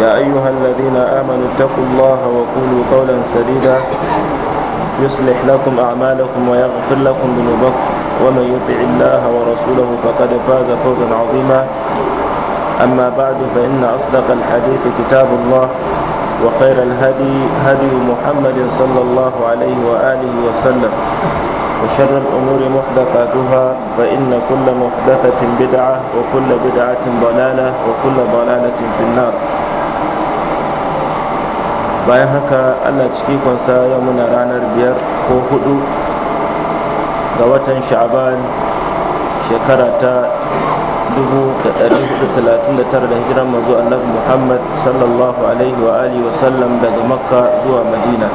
يا أيها الذين آمنوا اتقوا الله وقولوا قولا سديدا يصلح لكم أعمالكم ويغفر لكم ذنوبكم ومن يطع الله ورسوله فقد فاز فوزا عظيما أما بعد فإن أصدق الحديث كتاب الله وخير الهدي هدي محمد صلى الله عليه وآله وسلم وشر الأمور محدثاتها فإن كل محدثة بدعة وكل بدعة ضلالة وكل ضلالة في النار bayan haka allah ciki kwansa ya muna ranar biyar ko hudu ga watan sha'aban shekara ta 1439 da hijiran mazu annabi muhammad sallallahu alaihi wa alihi wa sallam daga makka zuwa madina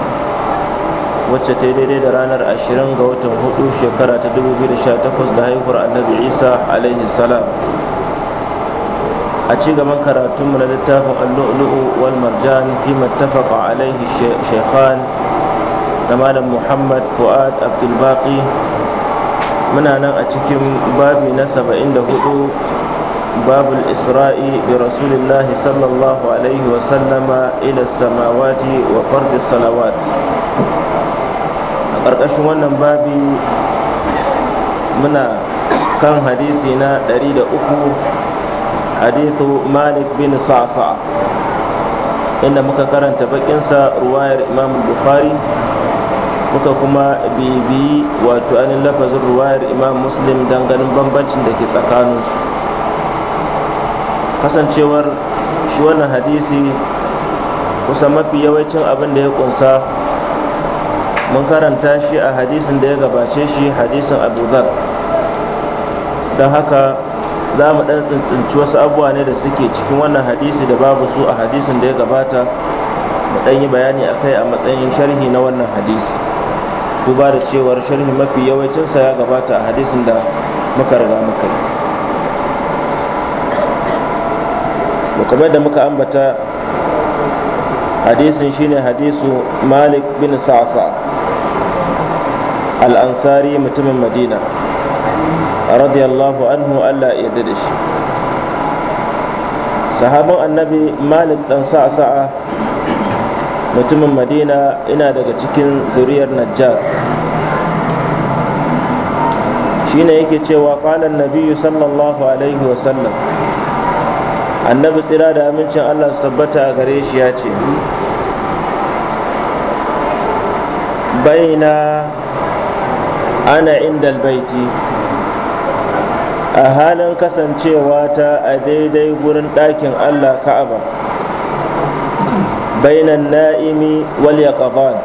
wacce ta daidai da ranar 20 ga watan hudu shekara ta 2018 da haihuwar annabi isa alaihi salam a ci gaban karatunmu na littafin allu'lu'u wal marjan fi mattafaqa alaihi shaykhan da malam muhammad fuad abdulbaki muna nan a cikin babi na 74 babul isra'i bi rasulillah sallallahu alaihi wa sallama ila samawati wa fardi salawat a ƙarƙashin wannan babi muna kan hadisi na 300 hadithu malik bin sa'sa inda muka karanta bakinsa ruwayar imam bukhari muka kuma bibiyi wato anin lafazin ruwayar imam muslim don ganin bambancin da ke tsakaninsu kasancewar shi wannan hadisi kusa mafi yawancin abin da ya kunsa mun karanta shi a hadisin da ya gabace shi hadisin abu dhar don haka za mu ɗan tsintsinci wasu abubuwa ne da suke cikin wannan hadisi da babu su a hadisin da ya gabata mu ɗan yi bayani a kai a matsayin sharhi na wannan hadisi duba da cewar sharhi mafi yawancinsa ya gabata a hadisin da muka riga muka yi kamar da muka ambata hadisin shine hadisu malik bin sa'sa al-ansari mutumin madina radiyallahu anhu Allah ya yarda da shi sahabin annabi malik dan sa'a sa'a mutumin madina ina daga cikin zuriyar najjar shine yake cewa kalan nabiyu sallallahu alaihi wasallam annabi tsira da amincin allah su tabbata gare shi ya ce baina ana inda albaiti a halin kasancewa ta a daidai gurin ɗakin allah ka'aba bainan na'imi wal yaqadan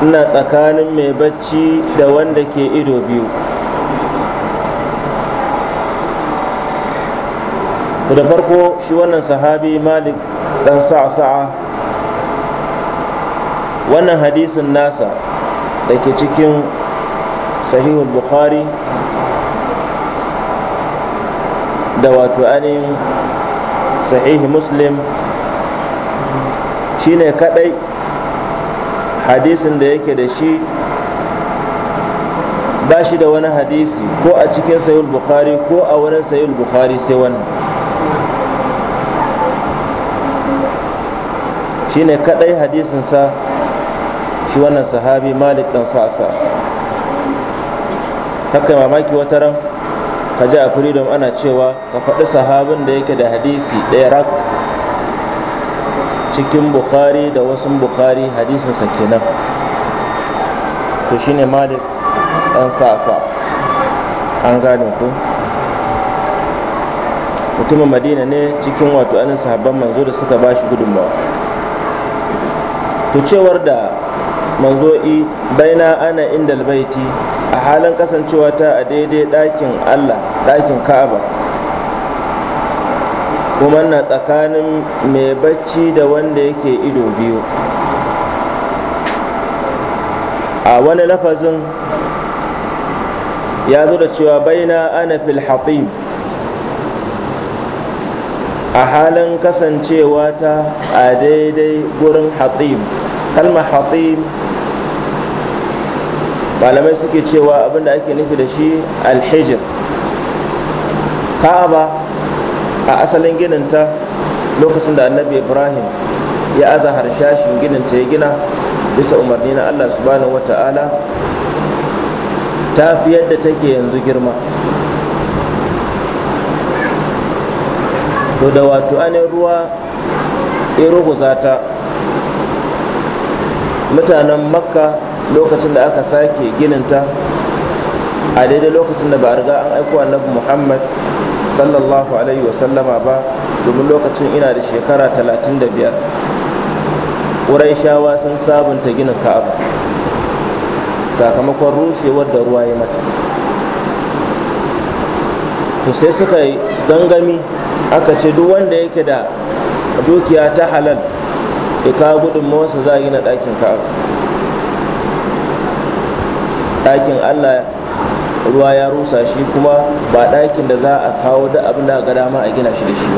ina tsakanin mai bacci da wanda ke ido biyu da farko shi wannan sahabi malik dan sa'a-sa'a wannan hadisin nasa da ke cikin sahihul bukhari da wato ainihin sahihi muslim shine kadai hadisin da yake da shi ba shi da wani hadisi ko a cikin sayul bukhari ko a wurin sayul bukhari sai wannan shine kadai hadisinsa shi wannan sahabi malik dan sa'asa haka mamaki wata ran ka ji a freedom ana cewa ka faɗi sahabin da yake da hadisi ɗaya rak cikin bukhari da wasu bukhari hadisinsa kenan to shine malik ɗan sa-sa an gane ku mutumin madina ne cikin wato anin sahabban manzo da suka ba shi gudunmawa to cewar da manzo'i baina ana inda albaiti a halin kasancewa ta a daidai ɗakin allah ɗakin ka'aba kuma na tsakanin mai bacci da wanda yake ido biyu a wani lafazin ya zo da cewa baina ana fil a halin kasancewa ta a daidai gurin hatib kalmar hatib malamai suke cewa abinda ake nufi da shi alhijir ka'aba a asalin gininta lokacin da annabi ibrahim ya aza harshashin gininta ya gina bisa umarni na allah subhanahu wa ta'ala ta fi yadda take yanzu girma to da wato anin ruwa ya ruguza mutanen makka lokacin da aka sake gininta a daidai lokacin da ba a riga an aiko annabi muhammad sallallahu alaihi wasallama ba domin lokacin ina da shekara 35 shawa sun sabunta ginin ka'aba sakamakon rushewar da ruwa ya mata to sai suka yi gangami aka ce duk wanda yake da dukiya ta halal ya kawo gudunmawarsa za a yi na ɗakin ka'aba ɗakin allah ruwa ya rusa shi kuma ba ɗakin da za a kawo da abin da ga dama a gina shi da shi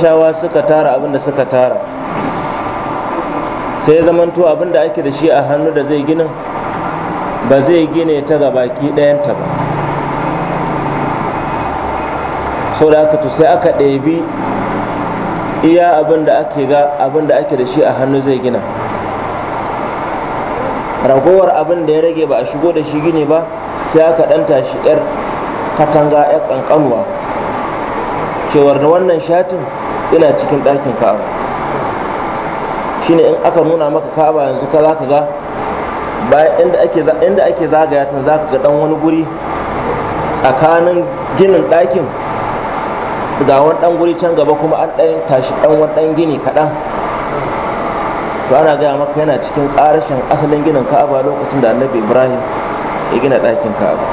shawa suka tara abin da suka tara sai zamanto abin da ake da shi a hannu da zai ginin ba zai gine ta ga baki ɗayanta ba sau da haka to sai aka ɗebi iya abin da ake ga abin da ake da shi a hannu zai gina ragowar abin da ya rage ba a shigo da shi gini ba sai aka ɗan tashi 'yar katanga 'yar ƙanƙanuwa cewar da wannan shatin ina cikin ɗakin ka'aba shine in aka nuna maka ka'aba yanzu ka za ka ga bayan inda ake zagaya tun za ka ga ɗan wani guri tsakanin ginin ɗakin ga wani dan guri can gaba kuma an dan tashi dan wani dan gini kaɗan to ana gaya maka yana cikin ƙarashin asalin ginin ka'aba lokacin da annabi ibrahim ya gina ɗakin ka'aba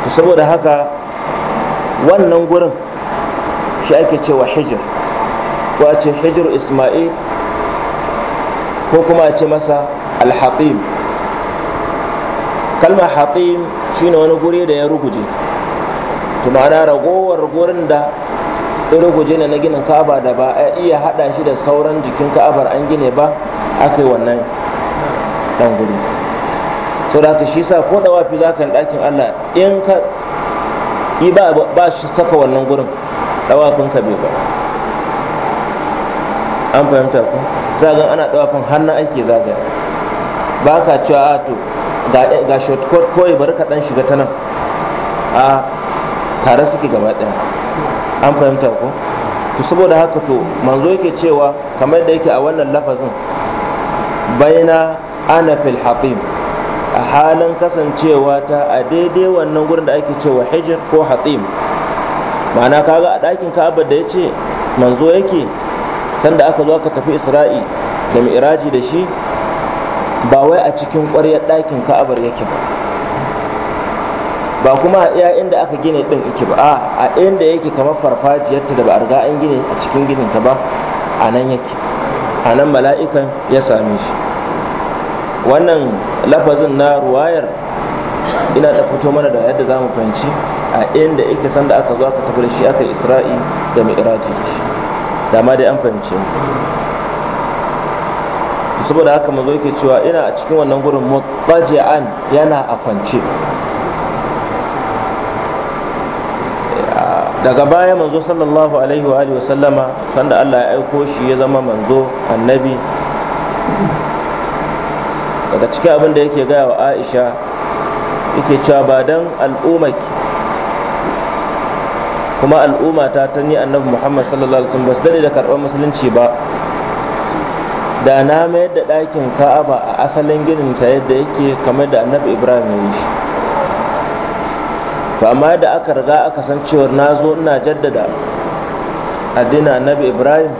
to saboda haka wannan gurin shi ake cewa hijir ko a ce hijir isma'il ko kuma a ce masa alhatim Kalma hatim shine wani guri da ya ruguje to ma'ana ragowar gurin da ɗoroguje ne na ginin ka'aba da ba a iya haɗa shi da sauran jikin ka'abar an gine ba aka yi wannan dan guri sau da haka shi sa ko da wafi za ka yi ɗakin allah in ka yi ba ba shi saka wannan gurin dawafin ka bai ba an fahimta ku zagan ana dawafin hannun ake zagaya ba ka cewa a to ga shortcut kawai bari ka ɗan shiga ta nan a tare suke gaba ɗaya an fahimta ko to saboda haka to manzo yake cewa kamar da yake a wannan lafazin baina ana fil haqim a halin kasancewa ta a daidai wannan gurin da ake cewa hijir ko haqim ma'ana kaga a ɗakin ka'aba da ya ce manzo yake sanda aka zo aka tafi isra'i da mi'raji da shi ba wai a cikin ƙwaryar ɗakin ka'abar yake ba ba kuma a iya inda aka gine din iki ba a a inda yake kamar farfajiyarta da ba a riga an gine a cikin ginin ta ba a nan yake a nan mala'ikan ya same shi wannan lafazin na ruwayar ina da fito mana da yadda za mu fahimci a inda yake sanda aka zo aka tafi da shi aka isra'i da mi'raji da shi da ma dai an fahimci saboda haka mazo yake cewa ina a cikin wannan gurin mutaji'an yana a kwance daga baya manzo sallallahu alaihi wa alihi sallama sanda Allah ya aiko shi ya zama manzo annabi daga cikin abin da yake gaya wa Aisha yake cewa ba dan al'ummaki kuma al'umma ta tani ni annabi Muhammad sallallahu alaihi wasallam ba dade da karɓar musulunci ba da na mayar da dakin Ka'aba a asalin ginin sa yadda yake kamar da annabi Ibrahim ya yi shi to amma yadda aka riga aka san cewar na zo ina jaddada addina annabi ibrahim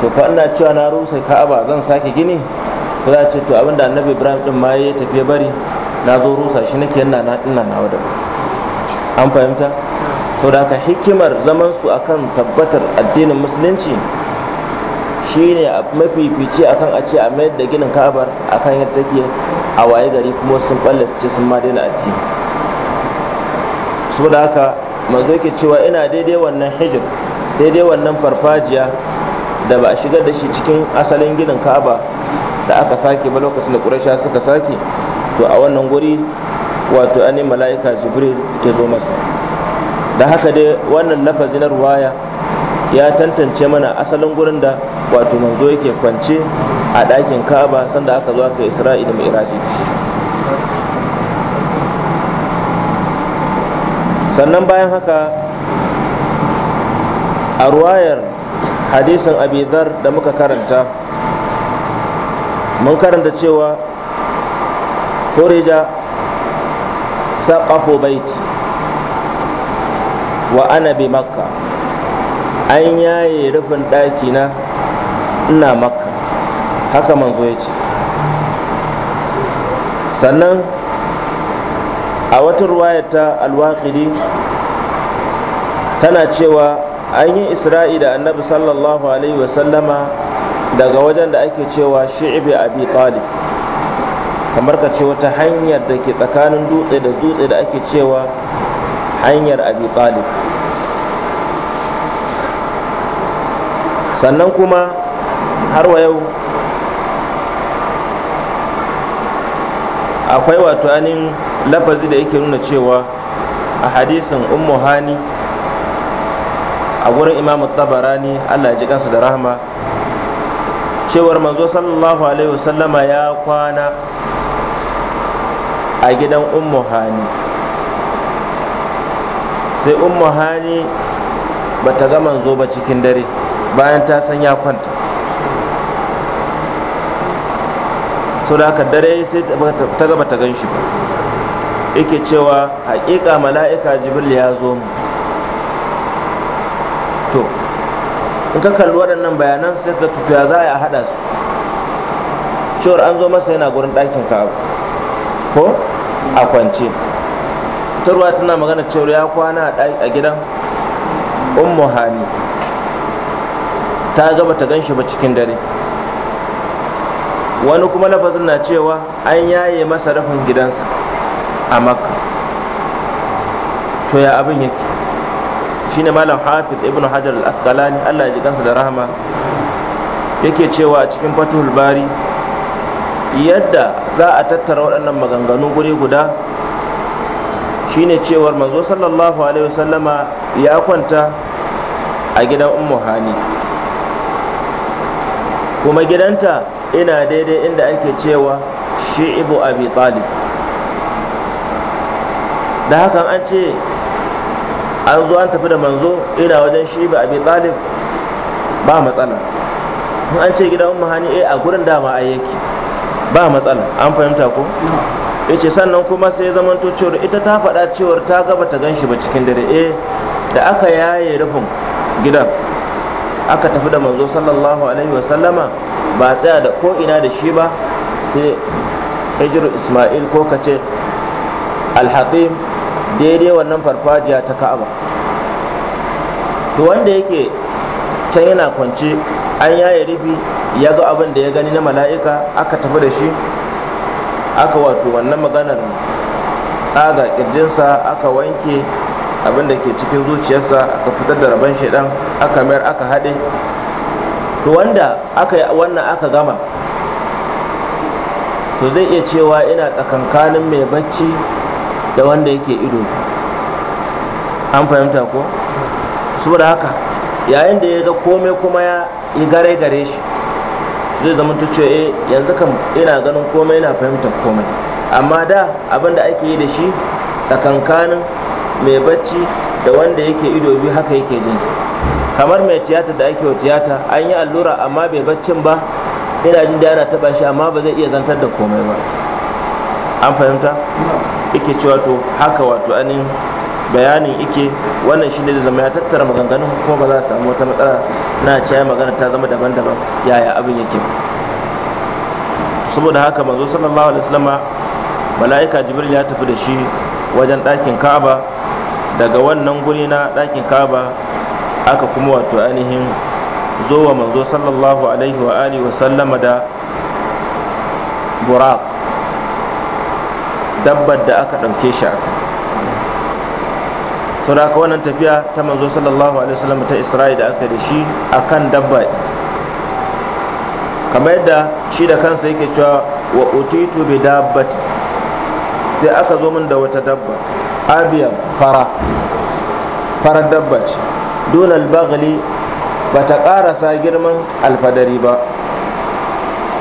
to fa ina cewa na rusa ka'aba zan sake gini ko za ce to abinda annabi ibrahim din ma ya tafi bari na zo rusa shi nake ina na ina na wada an fahimta to da ka hikimar zaman su akan tabbatar addinin musulunci shine mafifici akan a ce a mayar da ginin ka'abar akan yadda take a waye gari kuma sun balle su ce sun ma daina addini saboda haka manzo yake cewa ina daidai wannan hijir daidai wannan farfajiya da ba a shigar da shi cikin asalin ginin ka'aba da aka sake ba lokacin da ƙurasha suka sake to a wannan guri wato ani mala'ika jibril ya zo masa da haka dai wannan lafazi na ruwaya ya tantance mana asalin gurin da wato manzo yake kwance a ɗakin ka'aba sanda aka zo aka isra'i da mai iraji sannan bayan haka a ruwayar hadisin abidar da muka karanta mun karanta cewa koreja saƙafo baiti wa ana bi makka an yaye rufin ɗakina ina makka haka manzo ya ce sannan a wata ruwayar ta alwaƙidi tana cewa an yi isra'i da annabi sallallahu alaihi wasallama daga wajen da ake cewa shi'ibi abi talib kamar ka ce wata hanyar da ke tsakanin dutse da dutse da ake cewa hanyar abi talib sannan kuma har wa yau akwai wato anin lafazi da yake nuna cewa a hadisin ummu hani a wurin imamu tabarani allah ji kansa da rahama cewar manzo sallallahu alaihi wasallama ya kwana a gidan ummu hani sai ummu hani ba ta ga manzo ba cikin dare bayan ta san ya kwanta to da haka dare sai ta gaba ta gan shi yake cewa haƙiƙa mala'ika jibril ya zo mu to in ka kalli waɗannan bayanan sai ka tutuya za a haɗa su cewar an zo masa yana gurin ɗakin ka ko a kwance tarwa tana magana cewar ya kwana a gidan ummu hani ta gaba ta gan shi ba cikin dare wani kuma lafazin na cewa an yaye masa rafin gidansa a makka to ya abin yake shine malam hafiz ibn hajar al-asqalani Allah ya ji kansa da rahama yake cewa a cikin fatul bari yadda za a tattara waɗannan maganganu guri guda shine cewar manzo sallallahu alaihi wasallama ya kwanta a gidan ummu hani kuma gidanta ina daidai inda ake cewa shi'ibu abi talib da hakan an ce an zo an tafi da manzo ina wajen shi'ibu abi talib ba matsala in an ce gidan mahani eh a gurin dama a yake ba matsala an fahimta ko ya ce sannan kuma sai ya zamanto cewar ita ta faɗa cewar ta gaba ta gan shi ba cikin dare eh da aka yaye rufin gidan aka tafi da manzo sallallahu alaihi wasallama ba tsaya da ko'ina da shi ba sai hijiru ismail ko ka ce alhaƙim daidai wannan farfajiya ta ka'aba to wanda yake can yana kwance an yaye rufi ya ga abin da ya gani na mala'ika aka tafi da shi aka wato wannan maganar tsaga kirjinsa aka wanke abin da ke cikin zuciyarsa aka fitar da rabon shaidan aka mayar aka haɗe to wanda aka yi wannan aka gama to zai iya cewa ina tsakankanin mai bacci da wanda yake ido an fahimta ko saboda haka yayin da ya ga komai kuma ya yi gare gare shi zai zama ta ce eh yanzu kam ina ganin komai ina fahimtar komai amma da abin da ake yi da shi tsakankanin mai bacci da wanda yake ido biyu haka yake jinsa kamar mai tiyata da ake wa tiyata an yi allura amma bai baccin ba ina jin da ana taba shi amma ba zai iya zantar da komai ba an fahimta ike cewa to haka wato anin bayanin ike wannan shi ne zama ya tattara maganganun kuma ba za a samu wata matsala na cewa magana ta zama daban-daban yaya abin yake saboda haka manzo sallallahu alaihi wasallama mala'ika jibril ya tafi da shi wajen ɗakin kaba daga wannan guri na ɗakin kaba. aka kuma wato ainihin zo wa manzo sallallahu alaihi wa alihi wa sallama da buraq dabbar da aka ɗauke shi aka to da wannan tafiya ta manzo sallallahu alaihi wa sallama ta isra'i da aka da shi akan dabba kamar yadda shi da kansa yake cewa wa utitu bi dabbati sai aka zo min da wata dabba abiya fara farar dabba ce dole albagli ba ta sa girman alfadari ba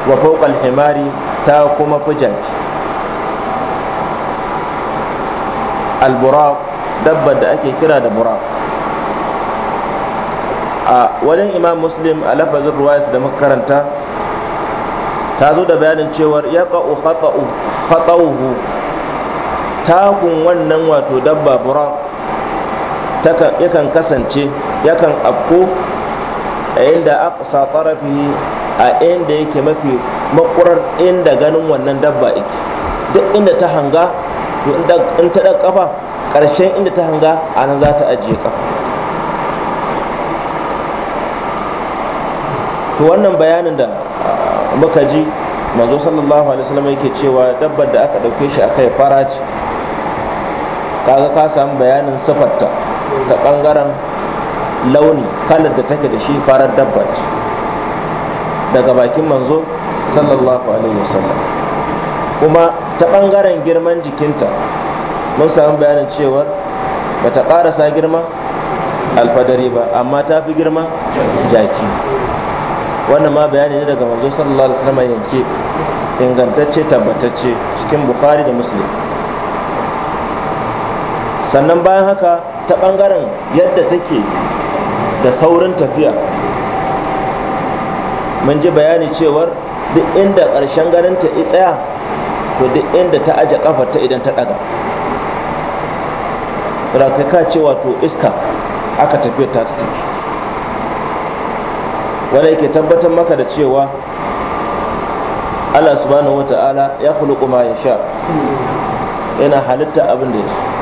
wa himari ta kuma fi jaki alburak dabba da ake kira da burak a wajen imam muslim a lafazin ruwayas da makaranta ta zo da bayanin cewar ya ƙa'u khatsa'uhu takun wannan wato dabba burak yakan kasance yakan afko a inda aqsa tarafi a inda yake mafi makurar inda ganin wannan dabba yake duk inda ta hanga to in ta ɗan kafa ƙarshen inda ta hanga a nan za ta ajiye kafa to wannan bayanin da ah, muka ji manzo sallallahu alaihi wasallam yake cewa dabbar da aka ɗauke shi akai fara ce kaga ka samu bayanin sifarta ta bangaren launi kalar da take da shi farar dabba ce daga bakin manzo sallallahu alaihi wasallam kuma ta ɓangaren girman jikinta mun samu bayanin cewar bata karasa girma alfadari ba amma ta fi girma jaki wannan ma bayani ne daga manzo sallallahu alaihi wasallam yanke ingantacce tabbatacce cikin bukhari da muslim sannan bayan haka ta ɓangaren yadda take da saurin tafiya mun ji bayani cewar duk inda ƙarshen ganin ta tsaya to duk inda ta aje ta idan ta ɗaga ka ce wato iska haka tafiyar ta take wanda yake tabbatar maka da cewa allah subhanahu wa ta'ala ya khuluqu ma ya sha yana halitta abin da ya so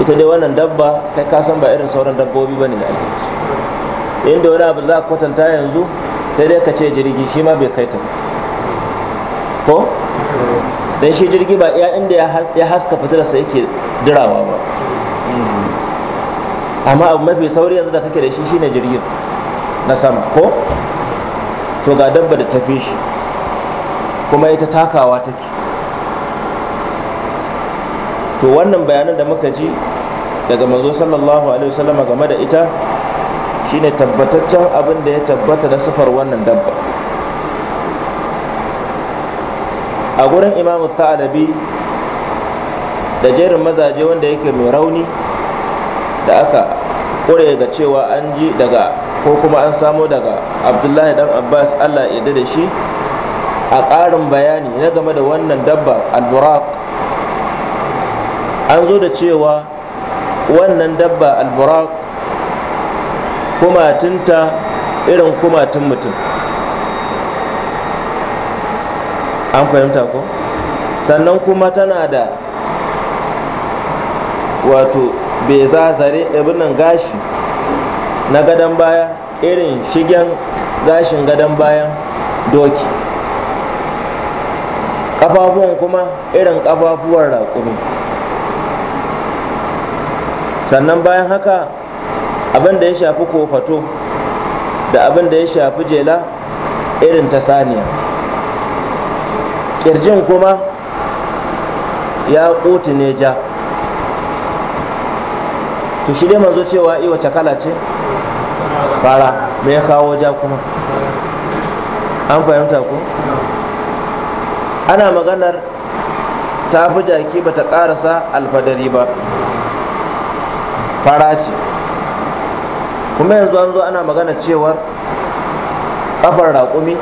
ita dai wannan dabba kai ka san ba irin sauran dabbobi bane da ake ci inda wani abu za ka kwatanta yanzu sai dai ka ce jirgi shi ma bai kai ta ko dan shi jirgi ba iya inda ya haska fitilarsa yake dirawa ba hmm. amma abu mafi sauri yanzu da kake da shi shine jirgin na sama ko to ga dabba da tafi shi kuma ita takawa take to wannan bayanan da muka ji daga manzo sallallahu alaihi wasallama game da ita shine tabbataccen abin da ya tabbata da sifar wannan dabba a gurin imamu thalabi da jerin mazaje wanda yake mai rauni da aka ƙure ga cewa an ji daga ko kuma an samo daga abdullahi dan abbas allah ya da shi a ƙarin bayani na game da wannan dabba al-buraq an zo da cewa wannan dabba alburak kumatinta irin kumatin mutum an fahimta ko sannan kuma tana da wato beza zare nan gashi na gadon baya irin shigen gashin gadon bayan doki kafafuwan kuma irin kafafuwar raƙumi sannan bayan haka abin da ya shafi kofato da abin da ya shafi jela irin ta saniya ƙirjin kuma ya ƙuti ne ja to shi dai manzo cewa i wace kala ce fara me ya kawo ja kuma an fahimta ku? ana maganar ta fi jaki bata ƙarasa alfadari ba fara ce kuma yanzu an zo ana magana cewar kafar raƙumi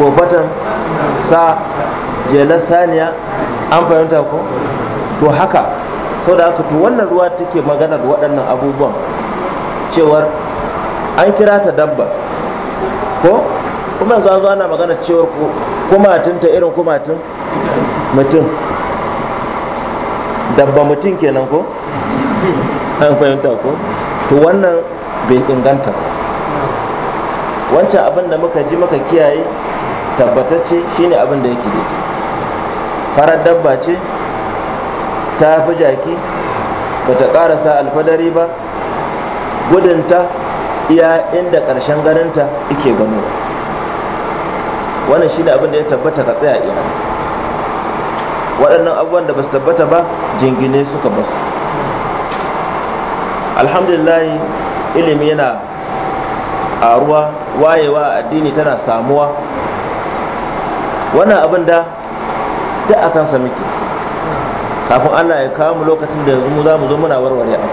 ko fatan sa jelar saniya an fahimta ko to haka to da haka to wannan ruwa take maganar waɗannan abubuwan cewar an kira ta dabba ko kuma yanzu an zo ana magana cewar kumatin ta irin kumatin mutum dabba mutum kenan ko an fahimta ko to wannan bai inganta ba wancan abin da muka ji muka kiyaye tabbatacce shine abin da yake daidai farar dabba ce ta fi jaki bata karasa alfadari ba gudunta iya inda ƙarshen garinta ike gano wannan shine abin da ya tabbata ka tsaya iya waɗannan abubuwan da ba su tabbata ba jingine suka basu alhamdulillah ilimi yana aruwa wayewa addini tana samuwa wannan abin da da akan kansa muke kafin allah ya kawo mu lokacin da yanzu mu za mu zo muna warware abu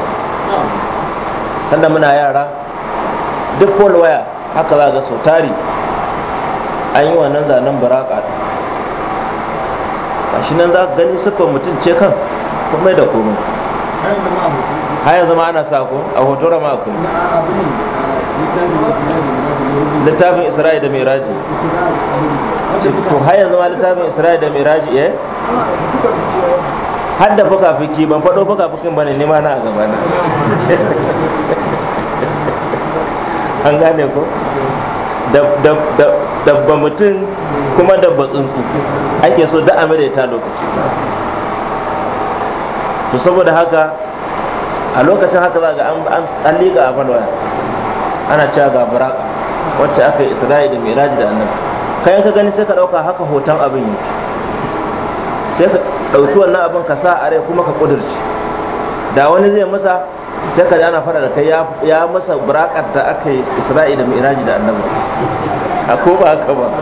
Tanda muna yara duk pol waya haka za ga sau an yi wannan zanen baraka shi nan za ka gani siffar mutum ce kan komai da komai har yanzu ma ana sa ko a hoto rama ku. littafin isra'i da miraji to har yanzu ma littafin isra'i da miraji eh har da fuka-fuki ban faɗo fuka-fukin ba ne nema na a gaba na an gane ko dabba mutum kuma dabba tsuntsu ake so da ta lokaci to saboda haka a lokacin haka za ga an liƙa a falwaya ana cewa ga baraka wacce aka yi isra'i da miraji da annabi kayan ka gani sai ka ɗauka haka hoton abin yi sai ka ɗauki wannan abin ka sa a rai kuma ka ƙudurci da wani zai masa sai ka ana fara da kai ya masa burakar da aka yi isra'i da miraji da annabi a ko ba haka ba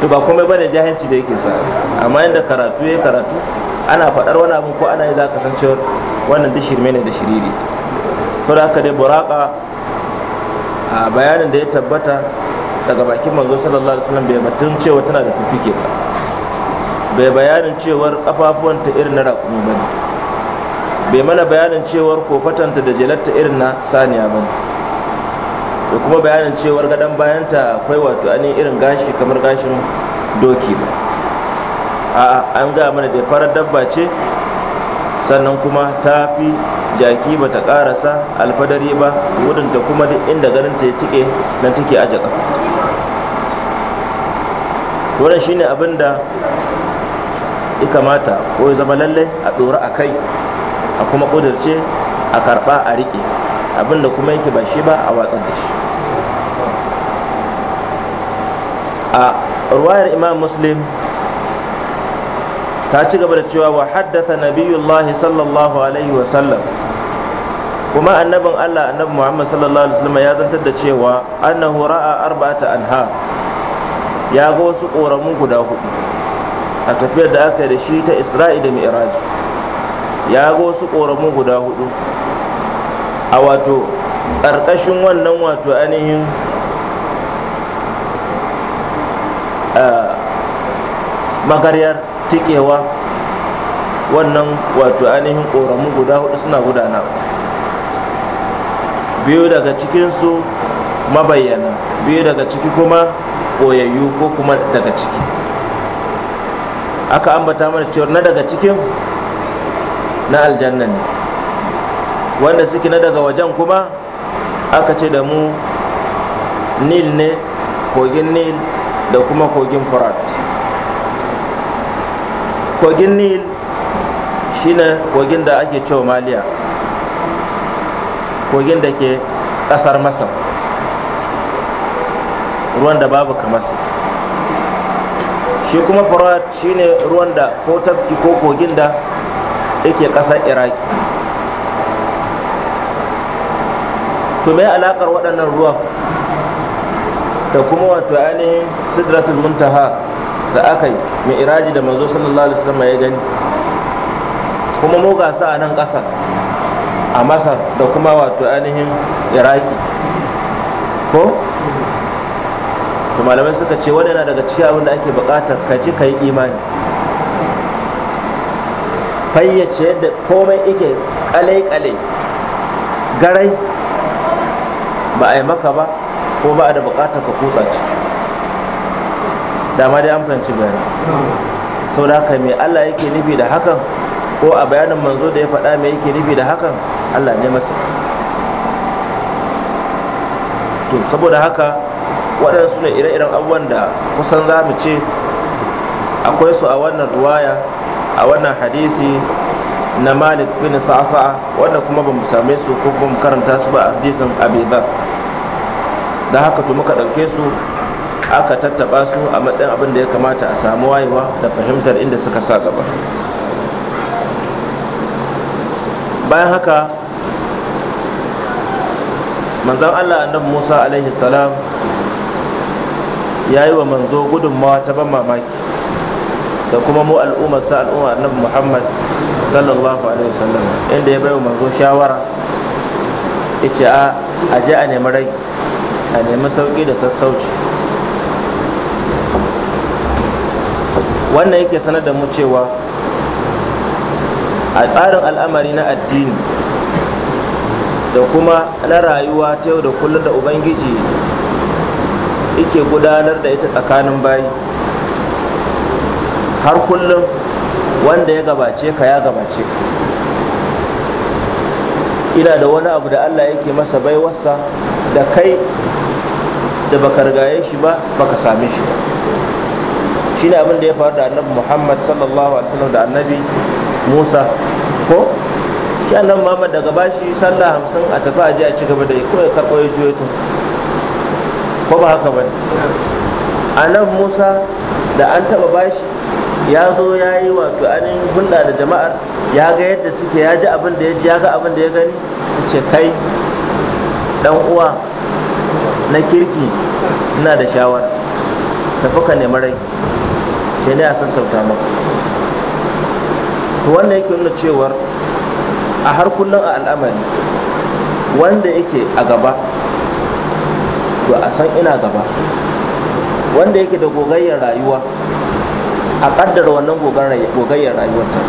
to ba komai bane jahilci da yake sa amma inda karatu ya karatu ana faɗar wani abin ko ana yi za ka san cewa wannan duk shirme ne da shiriri ko da haka dai buraka a bayanin da ya tabbata daga bakin manzo sallallahu alaihi wasallam bai batun cewa tana da fifike ba bai bayanin cewar kafafuwanta irin na raƙumi ba ne bai mana bayanin cewar kofatanta da jelatta irin na saniya ba ne da kuma bayanin cewar gadon bayanta akwai wato ainihin irin gashi kamar gashin doki ba a an gaya mana da farar dabba ce sannan kuma ta fi jaki ba ta karasa alfadari ba wadanda kuma inda ganin ta tike nan take jaka. kafa wannan shine abin da ya kamata ko ya zama lallai a ɗora a kai a kuma ƙudurce a karɓa a riƙe abin da kuma yake ba shi ba a watsar da shi a ruwayar imam muslim ta ci gaba da cewa wa haddasa nabiyullahi sallallahu alaihi wa sallam kuma annabin Allah annabi Muhammad sallallahu alaihi wasallam ya zantar da cewa annahu ra'a arba'ata anha ya ga wasu koramu guda hudu a tafiyar da aka yi da shi ta Isra'i da Mi'raj ya ga wasu koramu guda hudu a wato ƙarƙashin wannan wato ainihin magaryar tikewa wannan wato ainihin ƙoramu guda hudu suna gudana biyu daga cikinsu mabayyana biyu daga ciki kuma ɓoyayyu ko kuma daga ciki aka ambata mana cewa na daga cikin na aljanna ne wanda suke na daga wajen kuma aka ce da mu nil ne kogin nil da kuma kogin furat kogin nil shine kogin da ake cewa maliya kogin da ke ƙasar masar ruwan da babu kamarsa shi kuma shi shine ruwan da ko tafki ko kogin da yake kasar iraki to alaƙar waɗannan ruwan da kuma wato ainihin sidratul muntaha da aka yi iraji da manzo sallallahu alaihi wasallam ya gani kuma mu gasa a nan ƙasar a masar da kuma wato ainihin iraki ko to malamai suka ce waɗanda daga cikin abin da ake buƙatar ka ji ka yi imani fayyace yadda komai ike kalai-kalai garai ba a yi maka ba ko ba a da buƙatar ka kusa. ci dama dai an fahimci bayani da haka me Allah yake nufi da hakan ko a bayanin manzo da ya faɗa me yake nufi da hakan Allah ne masa to saboda haka waɗansu ne ire-iren abubuwan da kusan za mu ce akwai su a wannan ruwaya a wannan hadisi na malik bin sa'asa wanda kuma ba mu same su ko kuma mu karanta su ba a hadisin abidar da haka to muka ɗauke su aka tattaba su a matsayin abin da ya kamata a samu wayewa da fahimtar inda suka sa gaba bayan haka manzan allah annab musa alaihi salam ya yi wa manzo gudunmawa ta ban mamaki da kuma mu al'ummar sa al'umma annabi muhammad sallallahu alaihi wasallam inda ya baiwa manzo shawara ya a aje a nemi rai a nemi sauki da sassauci wannan yake sanar da mu cewa a tsarin al'amari na addini da kuma na rayuwa ta yau da kullum da ubangiji yake gudanar da ita tsakanin bayi har kullum wanda ya gabace ka ya gabace ka ina da wani abu da allah yake masa baiwarsa da kai da baka rigaye shi ba baka same shi ba shine abin da ya faru da annabi muhammad sallallahu alaihi wasallam da annabi musa ko shi annabi muhammad daga bashi sallah hamsin a tafi aje a ci gaba da kuma ya karɓo ya juyo ko ba haka ba annabi musa da an taɓa bashi ya zo ya yi wato ainihin hulɗa da jama'ar ya ga yadda suke ya ji abin da ya ji ya ga abin da ya gani ce kai dan uwa na kirki ina da shawara tafi ka nemi rai sai dai a sassauta maka to wanda yake nuna cewar a har kullum a al'amari wanda yake a gaba to a san ina gaba wanda yake da gogayyar rayuwa a kaddara wannan gogayyar rayuwar ta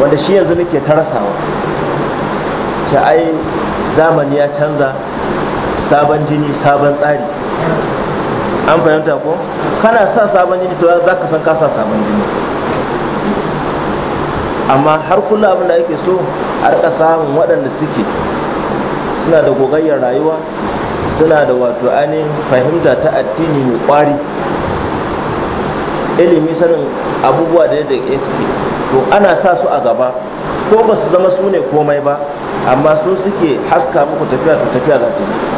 wanda shi yanzu muke ta rasawa ai zamani ya canza sabon jini sabon tsari an fahimta ko kana sa sabon jini to za ka san ka sa sabon jini amma har kullu abin da ake so a rika samun waɗanda suke suna da gogayyar rayuwa suna da wato ainihin fahimta ta addini mai ƙwari ilimi sanin abubuwa da yadda ya suke to ana sa su a gaba ko ba su zama su ne komai ba amma su suke haska muku tafiya to tafiya za ta yi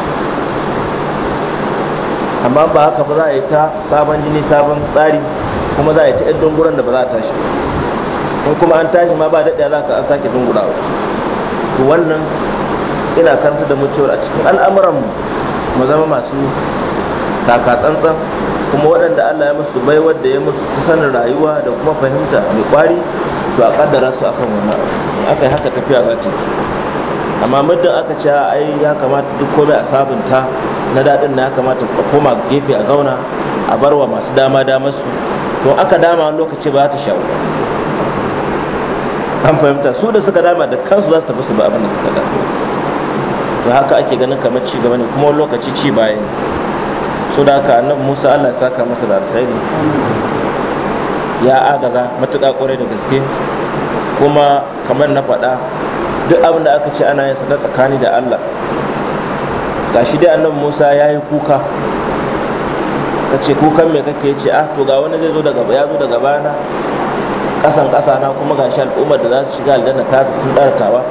amma ba haka ba za a yi ta sabon jini sabon tsari kuma za a yi ta yan dunguran da ba za a tashi in kuma an tashi ma ba daɗa za ka an sake dungura to wannan ina karanta da mu a cikin al'amuran mu zama masu taka tsantsan kuma waɗanda Allah ya musu bai wadda ya musu ta sanin rayuwa da kuma fahimta mai kwari to a kaddara su akan wannan akai haka tafiya za ta yi amma muddin aka ce ai ya kamata duk komai a sabunta na daɗin na kamata a koma gefe a zauna a barwa masu dama damar su to aka dama wani lokaci ba ta shawo an fahimta su da suka dama da kansu za su tafi su ba abin da suka dama to haka ake ganin kamar ci gaba ne kuma wani lokaci ci baya ne so da haka annabi musa allah ya saka masa da alkhairi ya agaza matuƙa ƙwarai da gaske kuma kamar na faɗa duk abin da aka ce ana yin sa tsakani da allah gashi dai annabi musa ya yi kuka ka ce kukan me kake ce ah to ga wani zai zo daga ya zo daga bana kasan kasa na kuma gashi al'ummar da za su shiga aljanna ta sun darkawa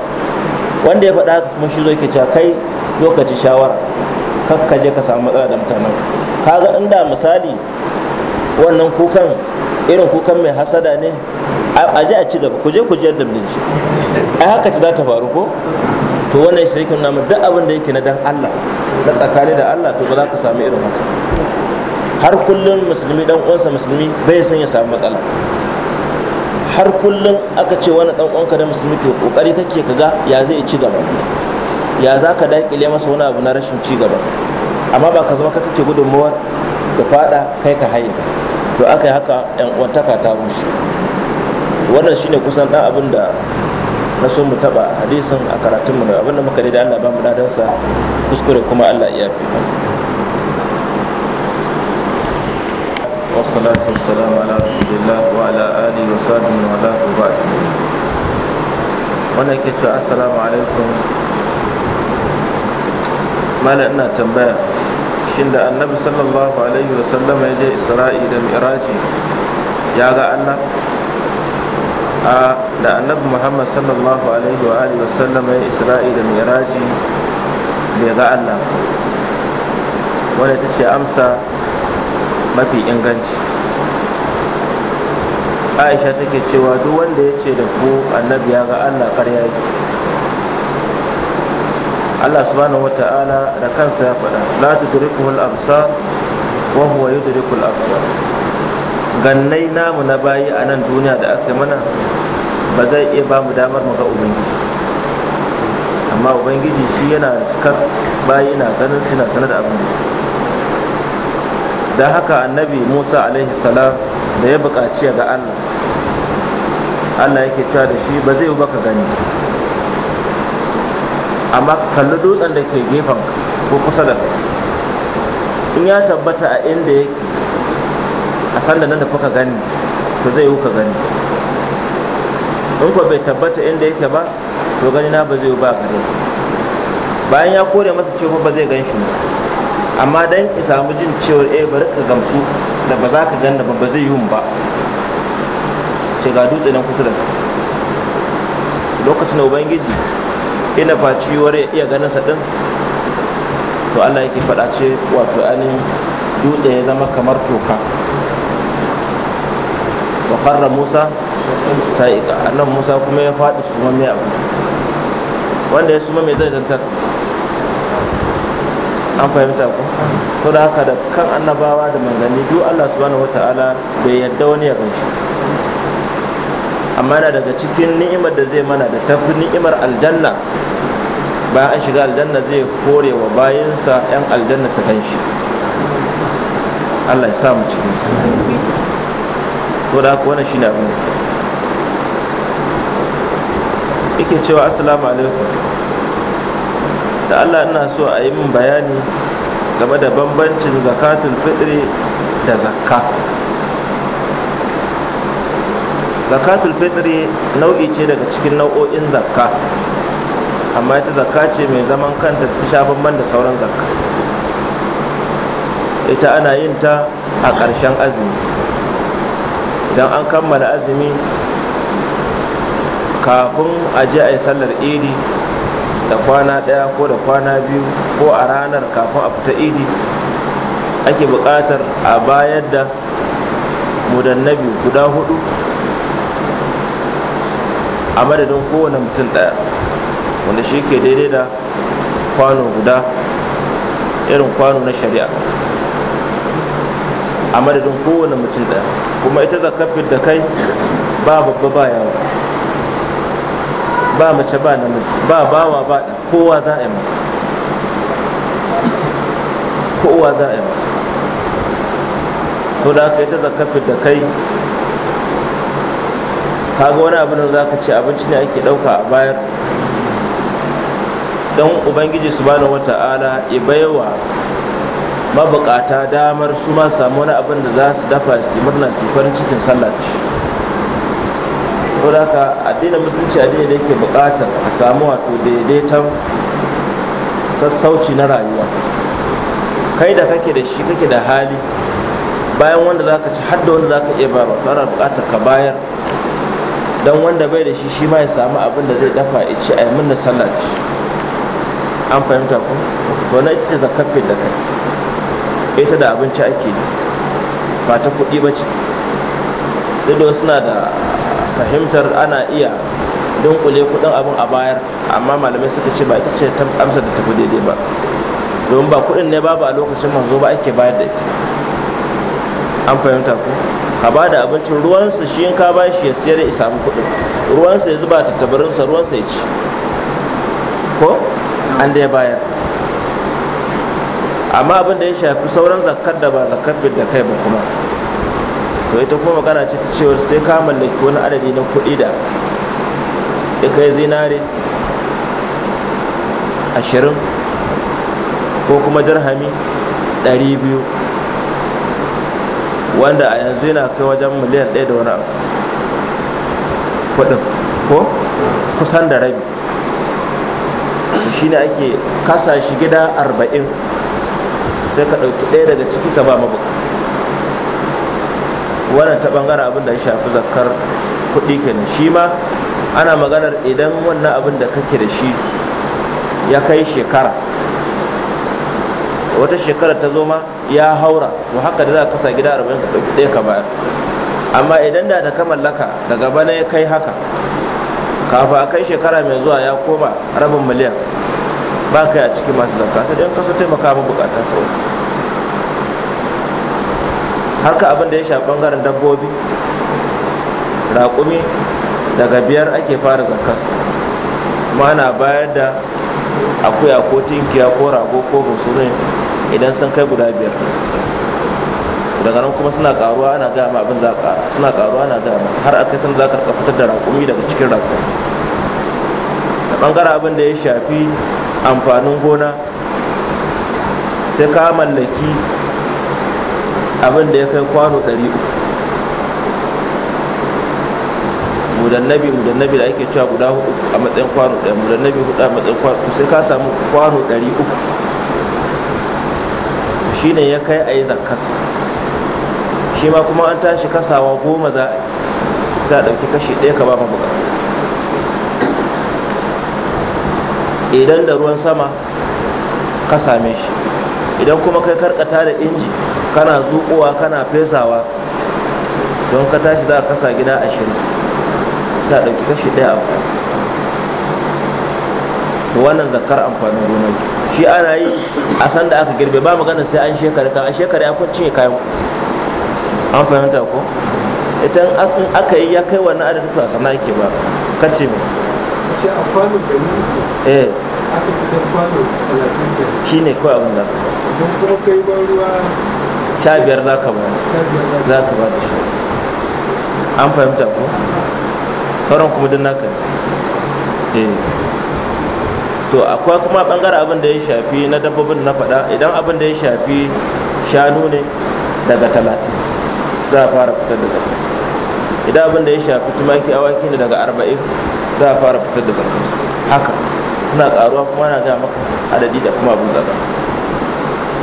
wanda ya faɗa kuma shi zo yake cewa kai lokaci shawara kakka je ka samu matsala da mutanen kaga inda misali wannan kukan irin kukan mai hasada ne a je a ci gaba ku je ku ji yadda ai haka ce za ta faru ko to wannan shi yake nuna duk abin da yake na dan Allah na tsakani da Allah to ba za ka samu irin haka har kullum musulmi dan uwansa musulmi bai san ya samu matsala har kullum aka ce wani dan uwanka da musulmi to kokari kake ga ya zai ci gaba ya za ka daƙile masa wani abu na rashin ci gaba amma ba ka zama ka kake gudunmuwa ka fada kai ka haye to aka yi haka yan uwantaka ta rushe wannan shine kusan dan abin da na so mu taba hadisin a karatun mu abin da muka da Allah ba mu ladan sa kuskure kuma Allah ya fi ala rasulillah wa ala alihi wa sahbihi wa ala وبعد wannan ke cewa assalamu alaikum mala ina tambaya shin da annabi sallallahu alaihi sallama ya je isra'i da mi'raji ya ga Allah a da annabi muhammad sallallahu alaihi wa alihi wasallam ya isra'i da miraji bai ga allah wanda ta ce amsa mafi inganci aisha take cewa duk wanda ya ce da ku annabi ya ga allah karya yake allah subhanahu wata'ala da kansa ya faɗa la tudrikuhu al-absar wa huwa yudrikul absar gannai namu na bayi a nan duniya da aka mana ba zai iya ba mu damar mu ga ubangiji amma ubangiji shi yana sukar bayi na ganin suna sanar da abin da su da haka annabi musa alaihi salam da ya buƙaci ga allah allah yake cewa da shi ba zai yi baka gani amma ka kalli dutsen da ke gefen ko kusa da kai in ya tabbata a inda yake a sanda nan da kuka gani to zai yi ka gani in ko bai tabbata inda yake ba to gani na ba zai yi ba gare bayan ya kore masa cewa ba zai gan shi ba amma dan ki samu jin cewar eh bari ka gamsu da ba za ka gan ba ba zai yi ba ce ga dutse nan kusa da lokacin da ubangiji ina faci ware iya ganin sa din to Allah yake faɗa ce wato ainihin dutse ya zama kamar toka kharra musa sa'iqa annan musa kuma ya faɗi su mai abu wanda ya suma mai zai zantar an fahimta ku to da haka da kan annabawa da manzanni duk Allah subhanahu wataala bai yadda wani ya ganshi amma yana daga cikin ni'imar da zai mana da tafi ni'imar aljanna bayan an shiga aljanna zai kore wa bayansa 'yan aljanna su ganshi Allah ya sa mu cikin su ko da haka wannan shine abin da yake cewa assalamu alaikum da Allah ina so a yi min bayani game da bambancin zakatul fitri da zakka zakatul fitri nau'i ce daga cikin nau'o'in zakka amma ita zakka ce mai zaman kanta ta sha bamban da sauran zakka ita ana yin ta a ƙarshen azumi idan an kammala azumi kafin a je a yi sallar idi da kwana daya ko da kwana biyu ko a ranar kafin a fita idi ake bukatar a bayar da mudannabi guda hudu a madadin kowane mutum daya wanda shi ke daidai da kwano guda irin kwano na shari'a a madadin kowane mutum ɗaya kuma ita zakafin da kai ba babba ba yawa ba mace ba namiji ba bawa ba ɗa kowa za a yi masa kowa za a yi masa to da aka yi ta zakafin da kai kaga wani abin da za ka ce abinci ne ake ɗauka a bayar don ubangiji subhanahu wata'ala ya baiwa mabukata damar su ma samu wani abin da za su dafa su murna su farin cikin sallah ko da ka addini musulunci addini da yake bukatar a samu wato daidaiton sassauci na rayuwa kai da kake da shi kake da hali bayan wanda za ka ci har da wanda ka iya bayar kana bukatar ka bayar don wanda bai da shi shi ma ya samu abin da zai dafa ya ci a yi murna sallah an fahimta ku to na ita ce zakar da kai ita da abinci ake yi ba ta kuɗi ba ce duk da suna da fahimtar ana iya dunkule kuɗin abin a bayar amma malamai suka ce ba ita ce ta amsa da tafi daidai ba domin ba kuɗin ne ba ba a lokacin manzo ba ake bayar da ita an fahimta ku ka ba da abincin ruwansa shi in ka ba shi ya siyar ya samu kuɗin ruwansa ya zuba tattabarinsa ruwansa ya ci ko an da ya bayar amma abin da ya shafi sauran zakar da ba zakar da kai ba kuma to ita kuma magana ce ta cewa sai ka mallaki wani adadi na kuɗi da ya kai zinare ashirin ko kuma dirhami ɗari biyu wanda a yanzu yana kai wajen miliyan ɗaya da wani kudin ko kusan da rabi shi ne ake kasa shi gida arba'in sai ka ɗauki ɗaya daga ciki ka ba mabukata wannan ta ɓangaren abin da ya shafi zakar kuɗi kenan shi ma ana maganar idan wannan abin da kake da shi ya kai shekara wata shekara ta zo ma ya haura to haka da za ka sa gida arba'in ka ɗauki ɗaya ka bayar amma idan da da ka mallaka daga bana ya kai haka kafin a kai shekara mai zuwa ya koma rabin miliyan ba ka yi a cikin masu zakka sai dai kaso taimaka mu bukata kawai har ka abin da ya shafi bangaren dabbobi raƙumi daga biyar ake fara zakkarsa kuma ana bayar da akuya ko tinkiya ko rago ko musulun idan sun kai guda biyar daga nan kuma suna karuwa ana gaya ma abin za ƙara suna karuwa ana gaya ma har aka sun za ka fitar da raƙumi daga cikin raƙumi da ɓangaren abin da ya shafi amfanin gona sai ka mallaki abin da ya kai kwano 300 mudannabi mudannabi da ake cewa guda hudu a matsayin kwano ɗaya mudannabi hudu a matsayin kwano sai ka samu kwano 300 shine ya kai a yi zakasa shi ma kuma an tashi kasawa goma za a yi sai a ɗauki kashi ɗaya ka ba mabukata idan da ruwan sama ka same shi idan kuma kai karkata da inji kana zuƙowa kana fesawa don ka tashi za a kasa gida ashirin sa ɗauki kashi ɗaya abu to wannan zakar amfanin gonar shi ana yi a san da aka girbe ba magana sai an shekara kan a shekara ya kwanci kayan an fahimta ko ita aka yi ya kai wannan adadin to a sana ake ba kace mai ce a kwano ɗari eh aka fitar kwano talatin da shi ne kawai abin da don kuma kai ban ruwa sha biyar za ka ba za ka ba da shi an fahimta ko sauran kuma duk naka ne eh. to akwai kuma bangare abin da ya shafi na dabbobin na faɗa idan abin da ya shafi shanu ne daga talatin za a fara fitar da zakka idan abin da ya shafi tumaki awaki ne daga arba'in za a fara fitar da su haka suna karuwa kuma na ga maka adadi da kuma abin zaka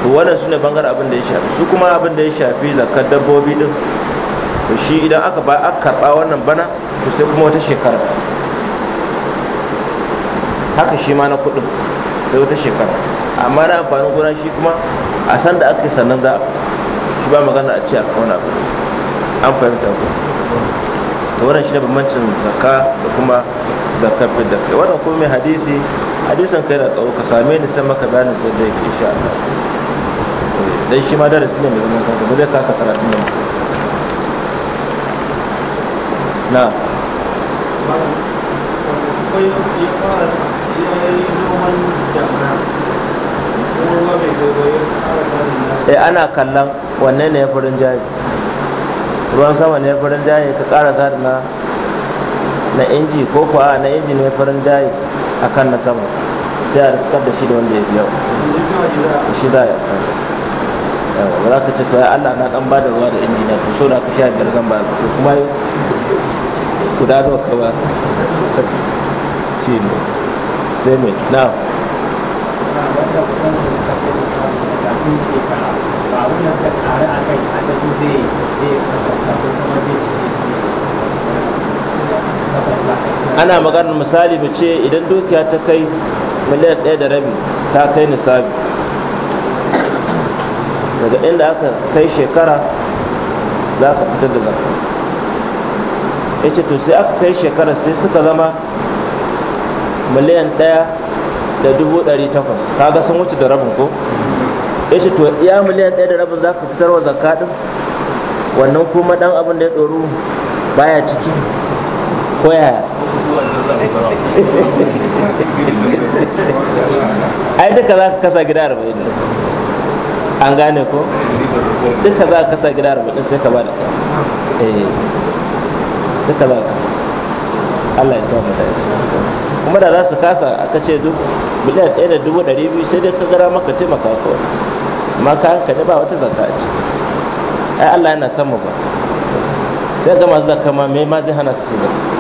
to wannan su ne bangar abin da ya shafi su kuma abin da ya shafi zakar dabbobi din to shi idan aka ba aka karba wannan bana to sai kuma wata shekara haka shi ma na kuɗin sai wata shekara amma na amfanin gona shi kuma a san da aka yi sannan za a shi ba magana a ce a kauna abu an fahimta ku to wannan shi ne bambancin zakka da kuma zakar fidda kai wannan kuma mai hadisi hadisan kai na tsawo ka same ni sai maka bayanin sai da yake insha Allah eh, dan shi ma darasi ne mai zaman kansa ba zai kasa karatu ne na e ana kallon wannan ne ya farin jari ruwan sama ne ya farin jari ka kara sa na na inji ko kuwa na inji ne farin jayi a kan na sama sai a riskar da shi da wanda ya biya shi za a yi a za ka ce to ya allah na dan ba da ruwa da inji na to so da ka sha biyar zan ba to kuma yau guda nawa ka ba shi ne sai me na sun shekara ba wannan suka ƙari a kai a ta su zai zai kasanta kafin kuma zai ce ana maganar misali mu ce idan dukiya ta kai miliyan ɗaya da rabi ta kai nisabi daga inda aka kai shekara za ka fitar da zakka ya ce to sai aka kai shekara sai suka zama miliyan ɗaya da dubu ɗari takwas kaga sun wuce da rabin ko ya ce to ya miliyan ɗaya da rabin za ka fitar wa zakka ɗin wannan kuma ɗan abin da ya ɗoru baya ciki ko ya ai duka za ka kasa gida arba'in ne an gane ko duka za ka kasa gida arba'in sai ka ba da eh, duka za ka kasa allah ya sa mu dace kuma da za su kasa aka ce duk miliyan ɗaya da dubu ɗari biyu sai dai ka gara maka taimaka kawai amma kayan ka ne ba wata zakka ce ai allah yana san mu ba sai ga masu zakka ma me ma zai hana su zakka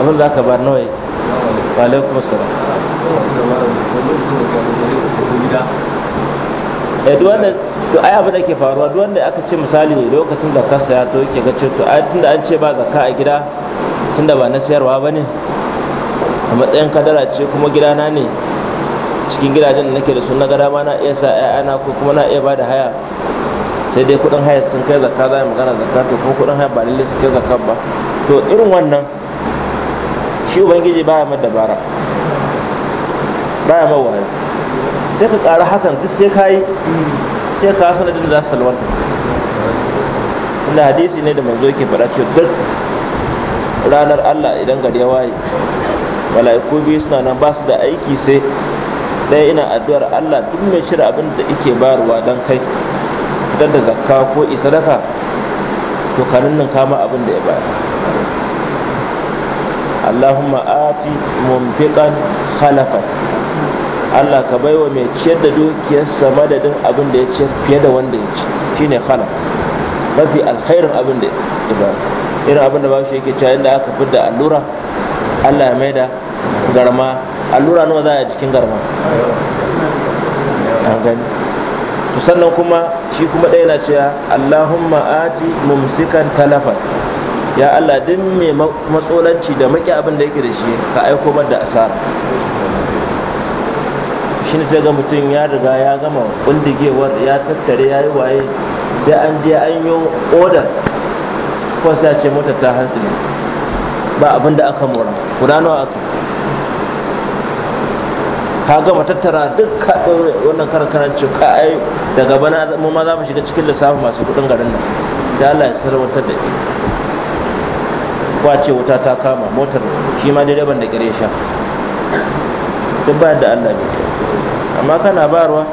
abin da aka ba nawa yake wa alaikum assalam eh duk wanda to ai abin da ke faruwa duk wanda aka ce misali lokacin zakar ya to yake ga to ai tunda an ce ba zakka a gida tunda ba na sayarwa ba ne? a matsayin kadara ce kuma gidana ne cikin gidajen da nake da su na gada ma na iya sa ƴaƴana ko kuma na iya ba da haya sai dai kuɗin haya sun kai zakka za mu magana zakka to kuma kuɗin haya ba lallai sun kai zakka ba to irin wannan shi ubangiji baya mai dabara baya mai wayo sai ka ƙara hakan duk sai ka yi sai ka sanadin da za su salwanta inda hadisi ne da manzo yake faɗa cewa duk ranar allah idan gari ya waye mala'iku biyu suna nan ba su da aiki sai ɗaya ina addu'ar allah duk mai shirya abin da ike bayarwa don kai fitar da zakka ko isadaka to kanin nan kama abin da ya bayar Allahumma ati mumfiqan khalafan Allah ka baiwa mai ciyar da dukiyarsa madadin abin da ya ciyar fiye da wanda ya ci shine khalaf mafi alkhairin abin da ibada irin abin da ba shi yake cewa inda aka fidda allura Allah ya maida garma allura nawa za a jikin garma an gani to sannan kuma shi kuma ɗaya na cewa Allahumma ati mumsikan talafan ya Allah duk mai matsolanci da maki abin da yake da shi ka aiko mar da asara shi ne sai ga mutum ya riga ya gama kundigewar ya tattare ya yi waye sai an je an yi odar ko sai ce motar ta hansu ba abin da aka mora guda nawa aka ka gama tattara duk wannan karan ka ai daga bana mu ma za mu shiga cikin lissafin masu kudin garin nan sai Allah ya salwantar da ita kwace wuta ta kama motar shi ma direban da kire sha duk bayan da Allah ne amma kana barwa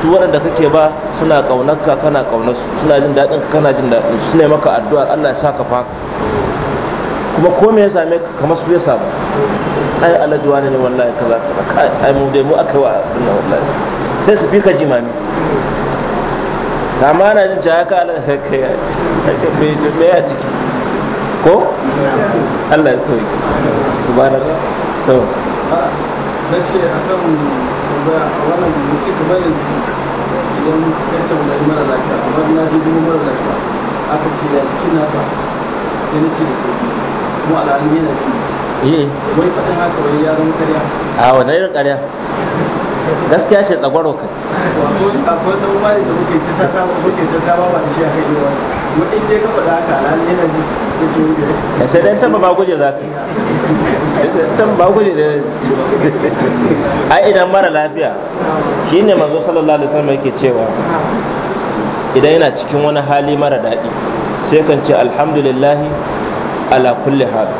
su waɗanda kake ba suna ƙaunarka kana ƙaunar su suna jin daɗin ka kana jin daɗin su ne maka addu'a Allah ya saka fa kuma ko me ya same ka kamar su ya samu ai alhaji wani ne wallahi kaza ai mu dai mu aka wa abin wallahi sai su fi ka jimami ta ma na jin jaya ka alhaji kai kai me ya ciki. ko Allah ya so yake subhanallah to na ce wannan kamar yanzu idan ya tambayi mara lafiya amma na ji dubu mara lafiya aka ce ya nasa sai na ce da sauki kuma al'adun yana ji wai haka wai ya zama karya a wani irin karya gaskiya ce tsagwaro kai akwai ɗan wani da muke ta muke ta ba da shi a kai ya eh, sai dan taba baguje za ka eh, dan baguje da ai idan mara lafiya shi ne manzo sallallahu alaihi wasallam yake cewa idan yana cikin wani hali mara daɗi sai kan ce alhamdulillah ala kulli hal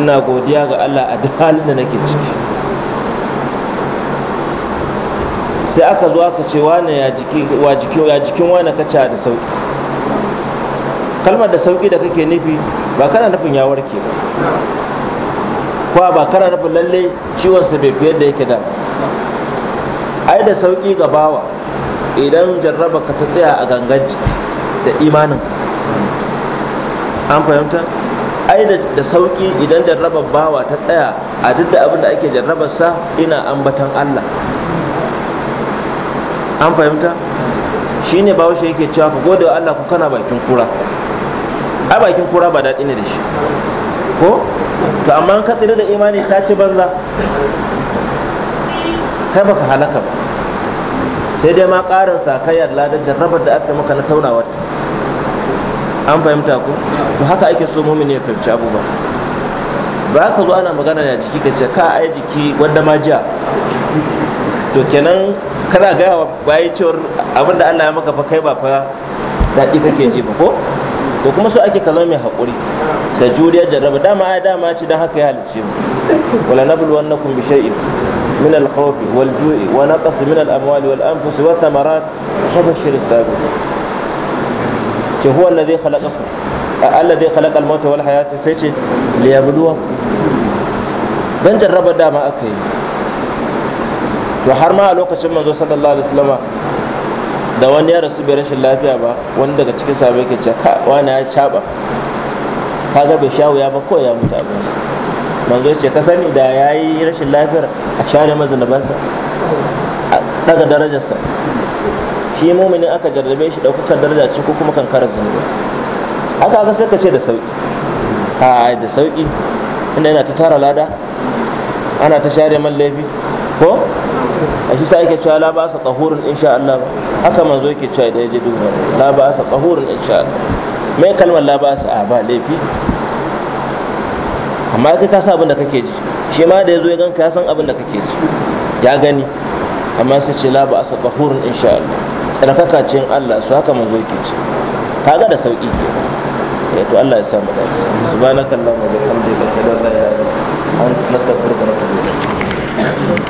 ina godiya ga Allah a duk halin da nake ciki sai aka zo aka ce wane ya jikin ya jikin wane kaca da sauki kalmar da sauki da kake nufi ba kana nufin ya warke ba ko ba kana nufin lalle ciwon sa bai fiye da yake da ai da sauki ga bawa idan jarraba ka ta tsaya a gangan jiki da imaninka an fahimta ai da sauki idan jarrabar bawa ta tsaya a duk da abin da ake jarrabar sa ina ambatan Allah an fahimta shi ne bahaushe yake cewa ka gode wa allah ku kana bakin kura a bakin kura ba daɗi ne da shi ko to amma ka tsira da imani ta ci banza kai baka halaka ba sai dai ma ƙarin sakayyar ladan jarrabar da aka maka na taunawar an fahimta ku to haka ake so mumin ya fahimci abubuwa ba ka zo ana magana da jiki ka ce ka ai jiki wanda ma jiya to kenan kana gaya wa bayi cewar abinda Allah ya maka fa kai ba fa daɗi kake ji ba ko to kuma so ake kalma mai haƙuri da juriya jarraba dama ai dama ce dan haka ya halice mu wala nablu annakum bi shay'in min al-khawfi wal-ju'i wa naqas min al-amwali wal-anfus wa thamarat fa bashir as-sabiq ke huwa alladhi khalaqakum alladhi khalaqa al-mauta wal-hayata sai ce liyabluwa dan jarraba dama aka to har ma a lokacin manzo sallallahu alaihi wasallama da wani ya rasu bai rashin lafiya ba wani daga cikin sabai ke ce ka wani ya caba ga bai sha wuya ba ko ya mutu abin manzo ce ka sani da yayi rashin lafiyar a share mazinabansa a daga darajarsa shi mumini aka jarrabe shi ɗaukakar daraja ce ko kuma kankarar zunubi haka aka sai ka ce da sauki a da sauki inda yana ta tara lada ana ta share man laifi a shi sa yake cewa la ba sa qahurun insha Allah haka manzo yake cewa da yaje duba la ba sa qahurun insha Allah mai kalmar la ba sa ah, ba laifi amma kai ka san abin da kake ji shi ma da yazo ya ganka ya san abin da kake ji ya gani amma sai ce la ba sa qahurun insha Allah tsarkaka ce Allah su haka manzo yake ce kaga da sauki ke ya eh, to Allah ya sa mu dace subhanakallahumma wa bihamdika ashhadu an la ilaha illa anta astaghfiruka wa atubu ilayk